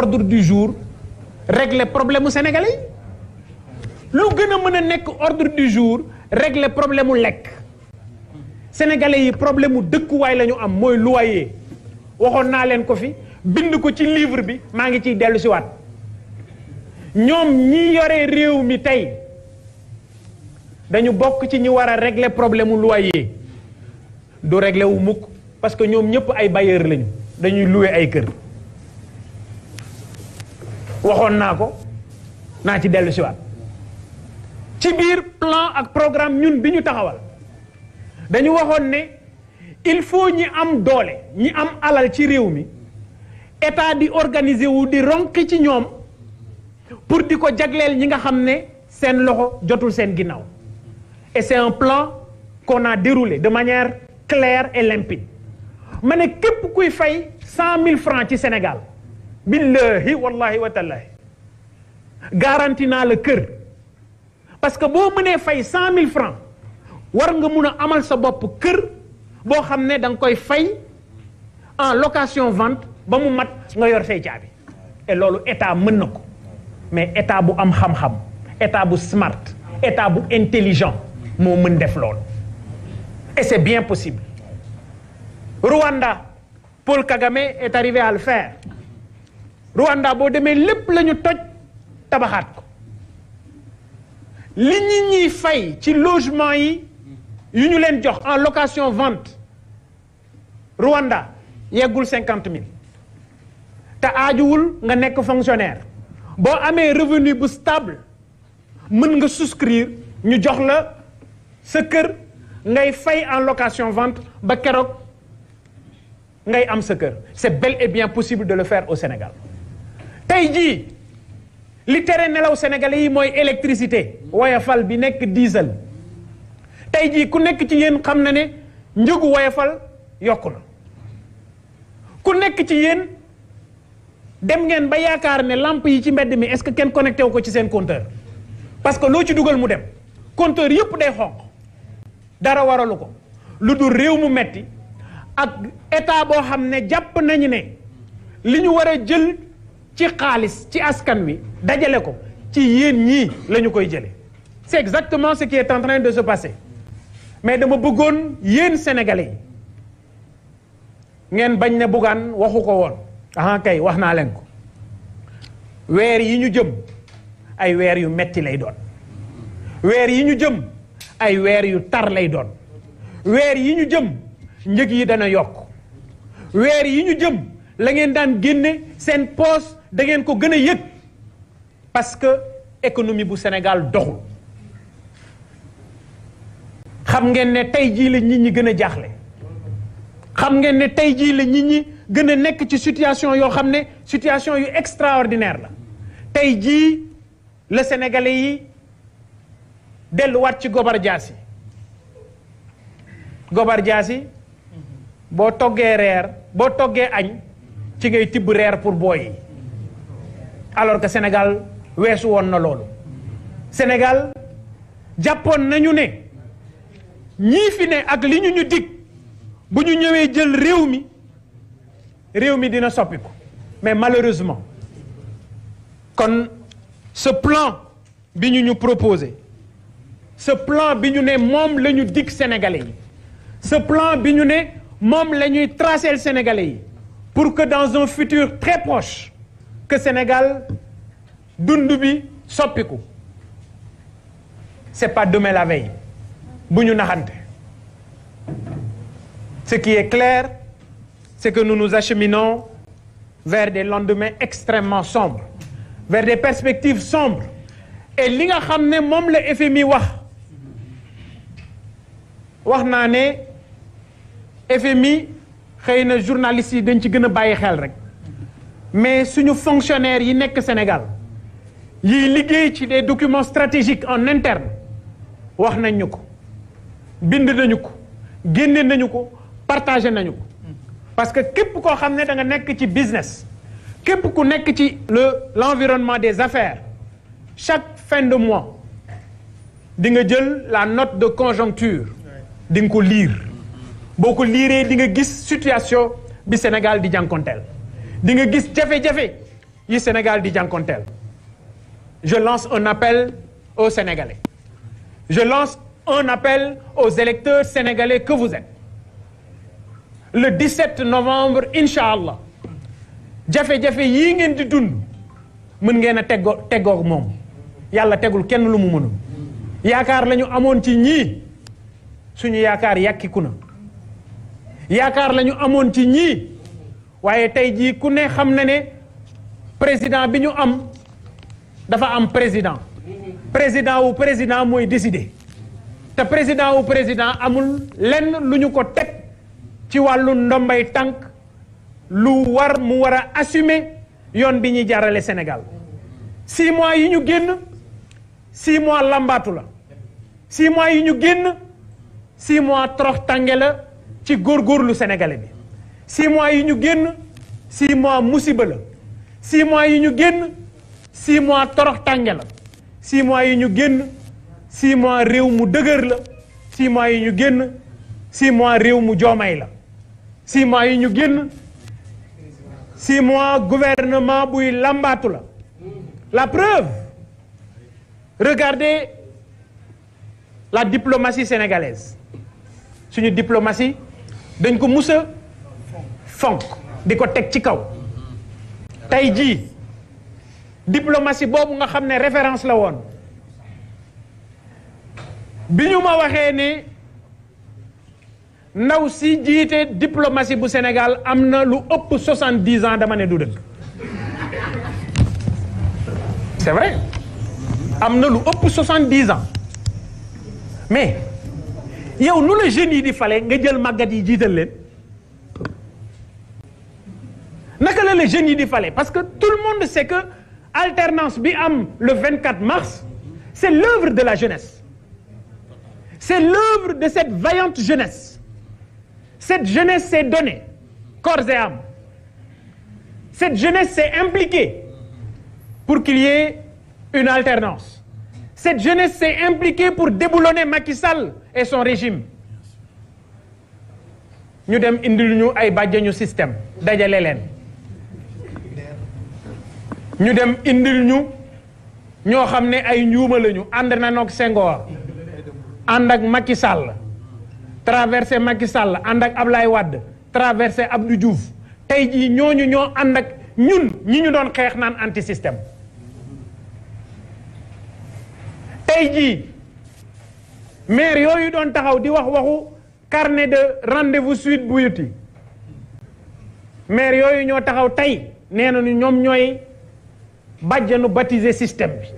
ordre du jour régler problème mu sénégalais loo gën a mën a nekk ordre du jour régler problème mu lekk sénégalais yi problème mu dëkkuwaay la am mooy loyer waxoon naa leen ko fi bind ko ci livre bi maa ngi ciy dellu si waat ñoom ñi yore réew mi tey dañu bokk ci ñi war a régler problème mu loyer du régler wu mukk parce que ñoom ñëpp ay bailleur lañu dañuy louer ay kër. waxoon nako ko delu ci dellu siwaat ci bir plan ak programme ñun biñu taxawal dañu waxon ne il faut ñi am doole ñi am alal ci réew mi état di organiser wu di ronki ci ñoom pour di ko jagleel ñi nga xam ne seen loxo jotul seen ginnaaw et c'est un plan qu'on a déroulé de manière claire et limpide ma ne képp kuy fay cent mille francs ci Sénégal billahi wallahi wa tallahi garanti na le parce que bo mënee fay 100000 francs war nga mun amal sa bop keur bo xam dang koy fay en location vente ba mu mat nga yor say et lolu état mën nako mais état bu am xam-xam état bu smart état bu intelligent mo mën def loolu et c'est bien possible Rwanda Paul Kagame est arrivé à le faire Rwanda bo demee lepp lañu toj tabaxat ko li ñi ñuy fay ci logement yi ñu leen jox en location vente Rwanda yegul 50 000. Ta aajuwul nga nek fonctionnaire bo amé revenu bu stable mën nga souscrire ñu jox la sa kër ngay fay en location vente ba kérok ngay am sa kër c'est bel et bien possible de le faire au Sénégal tey jii li tere nelaw sénégalais yi mooy électricité woyafal bi nekk diesel tey jii ku nekk ci yéen xam na ne njëgu woyafal yokku na ku nekk ci yéen dem ngeen ba yaakaar ne lampe yi ci mbedd mi est-ce que kenn connecté wu ko ci seen compteur parce que loo ci dugal mu dem compteur yëpp day xonq dara waralu ko lu dul réew mu metti ak état boo xam ne jàpp nañu ne li ñu war a jël ci xaalis ci askan wi dajale ko ci yéen ñii lañu koy jëlee c'est exactement ce qui est en train de se passer mais dama bëggoon yéen sénégalais yi ngeen bañ ne bugaan waxu ko woon ah kay wax naa leen ko weer yi ñu jëm ay weer yu metti lay doon weer yi ñu jëm ay weer yu tar lay doon weer yi ñu jëm njëg yi dana yokk weer yi ñu jëm la ngeen daan génne seen poste da ngeen ko gën a yëg parce que économie bu Sénégal doxul xam ngeen ne tey jii la nit ñi gën a jaaxle xam ngeen ne tey jii la nit ñi gën a nekk ci situation yoo xam ne situation yu extraordinaire la tey jii la sénégalais yi delluwaat ci gobar jaas gobar jaas yi boo toggee reer boo toggee añ ci ngay tibb reer pour booy yi alors que Sénégal wessu woon na loolu Sénégal Japon nañu né ñi fi né ak liñu ñu dig bu ñu jël réew mi dina soppiku mais malheureusement kon ce plan bi ñu ñu proposé ce plan bi ñu ne dit dig sénégalais ce plan bi ñu ne moom la tracer sénégalais pour que dans un futur très proche que Sénégal Dundubi, sopiku. c'est pas demain la veille Buñu ñu ce qui est clair c'est que nous nous acheminons vers des lendemains extrêmement sombres vers des perspectives sombres et li nga xamné mom le FMI wax wax naa FMI xëy na journalistes yi dañ ci gëna a xel rek mais suñu fonctionnaires yi nekk Sénégal yi liggéey ci des documents stratégiques en interne wax nañ ñu ko bind nañu ko génne nañu ko partagé nañu ko parce que képp koo xam ne da nga nekk ci business képp ku nekk ci le l'environnement des affaires chaque fin de mois di nga jël la note de conjoncture di nga ko lire boo ko liiree di nga gis situation bi Sénégal di jànkonteel di nga gis jafe-jafe yi Sénégal di jànkonteel je lance un appel aux Sénégalais je lance un appel aux électeurs sénégalais que vous êtes le 17 novembre inshallah, Djafé Djafé, yi yii ngeen di dund mën ngeen a teggoog moom yàlla tegul kenn lu mu mënul yaakaar la ñu amoon ci ñii suñu yaakaar yàkkiku na yaakaar la ñu ci ñii waaye tey jii ku ne xam na ne président bi ñu am dafa am président président wu président mooy décider te président wu président amul lenn lu ñu ko teg ci wàllu ndombay tànk lu war mu war a assumer yoon bi ñuy jarale Sénégal six mois yi ñu génn six mois làmbaatu la six mois yi ñu génn six mois torox tànge la ci góorgóorlu sénégalais bi 6 mois yi ñu génn 6 mois musiba la 6 mois yi ñu génn 6 mois torox tànge la 6 mois yi ñu génn 6 mois réew mu dëgër la 6 mois yi ñu 6 mois mu la 6 mois yi ñu 6 mois gouvernement buy la la preuve regardez la diplomatie sénégalaise une diplomatie dañ ko fonk diko tek diplomatie bobu nga référence la won bi ma diplomatie bu Sénégal pour lu ans dama c'est vrai amna lu ëpp ans mais yow nu le génie génie di falé nga jël naka la les jeunes du parce que tout le monde sait que alternance bi le 24 mars c'est l'œuvre de la jeunesse c'est l'œuvre de cette vaillante jeunesse cette jeunesse s'est donnée corps et âme cette jeunesse s'est impliquée pour qu'il y ait une alternance cette jeunesse s'est impliquée pour déboulonner Macky Sall et son régime Nous système ñu dem indil ñu ñoo xam ne ay njuuma lañu ànd na noog Senghor ànd ak Macky Sall traversé Macky Sall ànd ak Ablaye Wade traversé ab Abdou Diouf tey jii ñooñu ñoo ànd ak ñun ñi ñu doon xeex naan anti système tey ji maire yooyu doon taxaw di wax waxu carnet de rendez-vous suite bu yuti maire yooyu ñoo taxaw tey nee nañu ñoom ñooy. bàjjanu baptisé système bi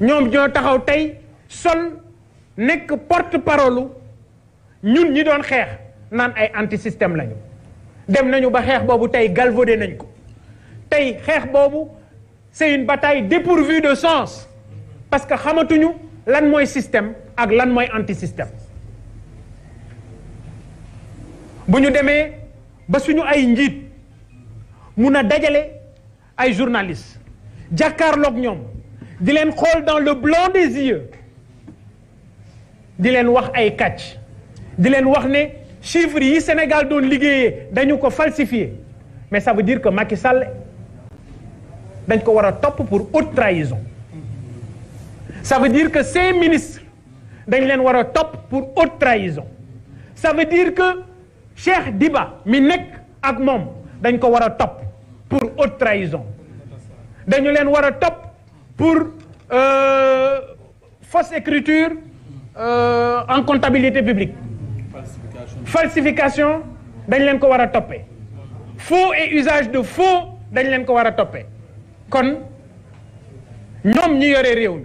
ñoom ñoo taxaw tey sol nekk porte parole ñun ñi doon xeex naan ay anti système lañu dem nañu ba xeex boobu tey galvaudé nañ ko tey xeex boobu c'est une bataille dépourvue de sens parce que xamatuñu lan mooy système ak lan mooy anti système bu ñu demee ba suñu ay njiit mun a dajale ay journalistes jàkkaarloog ñom di len xol dans le blanc des yeux di len wax ay katch di len wax ne chiffres yi Sénégal doon liggéeyee dañu ko falsifié mais ça veut dire que Macky Sall dañ ko wara top pour haute trahison ça veut dire que ces ministres dañ len wara top pour haute trahison ça veut dire que Cheikh Diba mi nek ak mom dañ ko wara top pour haute trahison dañu leen war a topp pour euh, fausse écriture euh, en comptabilité publique falsification dañ leen ko war a faux et usage de faux dañ leen ko war a toppee kon ñoom ñi yore réew